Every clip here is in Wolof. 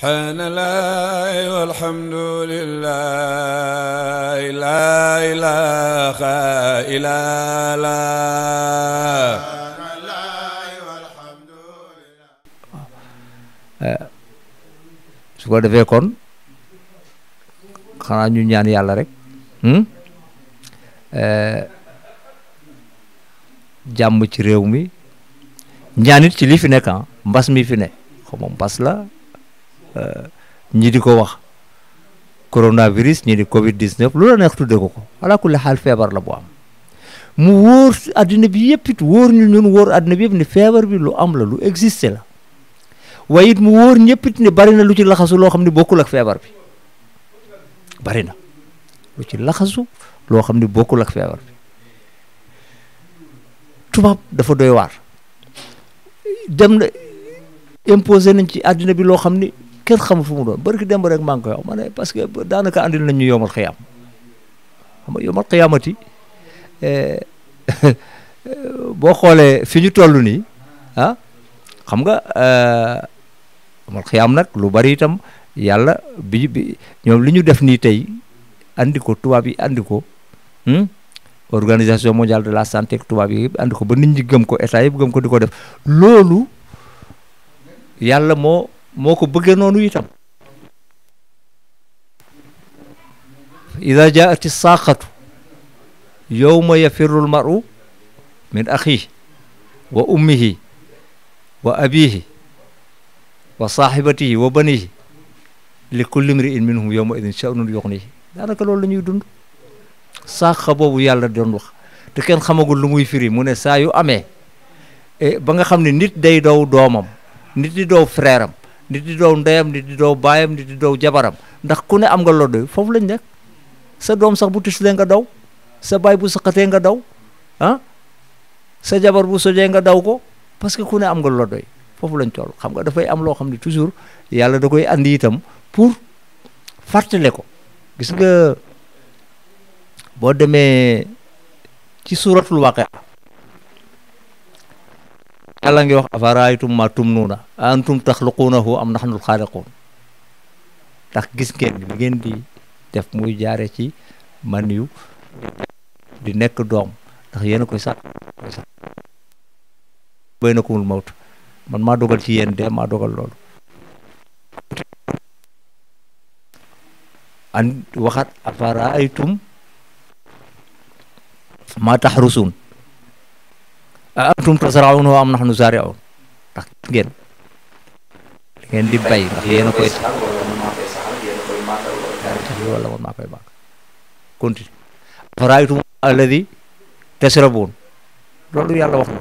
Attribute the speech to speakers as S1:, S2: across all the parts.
S1: subhanallah walhamdulillah la ilaha illallah su ko defee kon xanaa ñu ñaan yàlla rek hmm? eh, jàmm ci réew mi ñaanit ci lii fi nekk ah mbas mi fi ne la Euh, ñi di ko wax coronavirus ñi di Covid 19 lu la neex tudde ko ko ala kulli xaal feebar la bu am mu wóor addina bi yëpp it wóor ñu ñun wóor addina yëpp ne feebar bi lu am la lu existé la waaye mu wóor ñëpp it ne bari na lu ci laxasu loo xam ne bokkul ak feebar bi bari na lu laxasu loo xam ne bokkul ak feebar dafa doy waar dem na imposé nañ ci addina bi loo xam ni kenn xamul fu mu doon barki demb rek maa ngi koy wax ma ne parce que daanaka andil nañ ñu yomal xiyaam xam nga yomal xiyaamati eh, boo xoolee fi ñu toll nii ah xam nga eh, yomal xiyaam nag lu bari itam yàlla bi bi ñoom li ñu def nii tey andi ko tubaab yi andi ko hmm? organisation mondiale de la santé tubaab yi andi ko ba nit ñi gëm ko état bu gëm ko di ko def loolu yàlla moo. moo ko bëggee noonu itam ida jaat saaqatu yowma yafirru lmaru min axihi wa ummihi wa abihi wa saaxibatihi wa banihi li kulli mri'in minhum yowma idin sha'nun yuxnihi daanaka loolu la ñuy dund saaqa boobu yàlla doon wax te kenn xamagul lu muy firi mu ne saa yu amee eh, ba nga xam ne nit day dow doomam nit di dow nit di doow ndeyam nit di doow baayam nit di doow jabaram ndax ku ne am nga loolu foofu lañ nekk sa doom sax bu tuslee nga daw sa baay bu sëqatee nga daw ah sa jabar bu sojee nga daw ko parce que ku ne am nga loo doy foofu lañ toll xam nga dafay am loo xam di toujours yàlla da koy andi itam pour fàttale ko gis nga boo demee ci suuratul waaqia yàlla ngi wax afaraaytum ma tumnuuna a antum taxluquunahu am naxnul xaaliquun ndax gis ngeen li ngeen di def muy jaare ci man yu di nekk doom ndax yéen koy sàkk koy sàkk kumul mawt man maa dogal ci yéen de maa dogal loolu an waxaat afaraaytum maa taxrusuun Nah ya eh, antum tasraun wa am nahnu zari'un tak ngeen ngeen di bay ndax yéen a koy wala man maa koy màgg continue afaraytum alladi tasrabun
S2: loolu yàlla wax na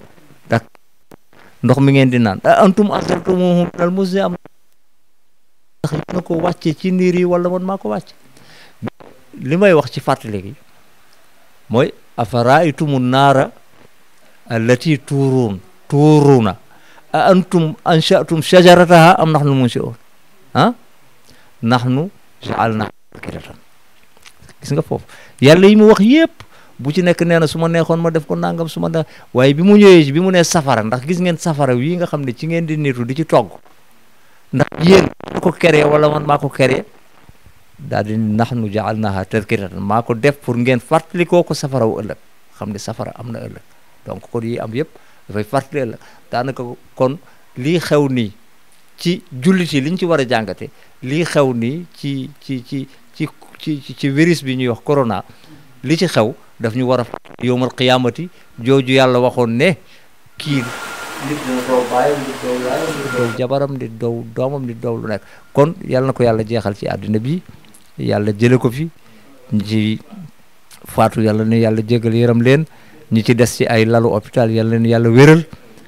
S1: dak ndox mi ngeen di naan antum asrabtumuhu minal muzni am ndax yéen a ko wàcce wala man maa ko allati tuuruun tuuruuna a antum anshatum shajarataha am nahnu munsi'un ah nahnu ja'alna akidatan gis nga foofu yàlla yi mu wax yépp bu ci nekk nee na su ma neexoon ma def ko nangam su ma waaye bi mu ñëwee bi mu nee safara ndax gis ngeen safara wii nga xam ne ci ngeen di nitu di ci togg ndax yéen ko keree wala man maa ko keree daal di nahnu ja'alnaha tadkiratan maa ko def pour ngeen fàttalikoo ko safara wu ëllëg xam ne safara am na ëllëg donc kon yi am yëpp dafay fàttali la daanaka kon lii xew nii ci jullit yi liñ ci war a jàngate lii xew nii ci ci ci ci ci ci virus bi ñuy wax corona li ci xew daf ñu war a yowmal qiyaamati jooju yàlla waxoon ne kii nit dina jabaram nit doow doomam nit doow nekk kon yàlla na ko yàlla jeexal ci àddina bi yàlla jële ko fi ci faatu yàlla ne yàlla jégal yëram leen ñi ci des ci ay lalu hôpital yal leen yàlla wéral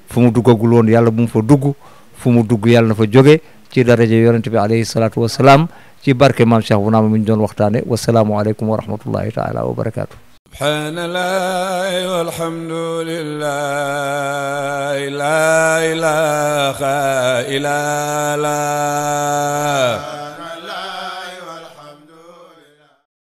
S1: fu mu duggagul woon yàlla bu mu fa dugg fu mu dugg yàlla na fa joge ci daraja yonent bi alayhi salaatu wa salaam ci barke maam Cheikh bu naama mi ñu doon waxtaane wasalaamu aleykum wa rahmatullahi taala wa barakaatu subhaanallahi walhamdulillahi la ilaha illallah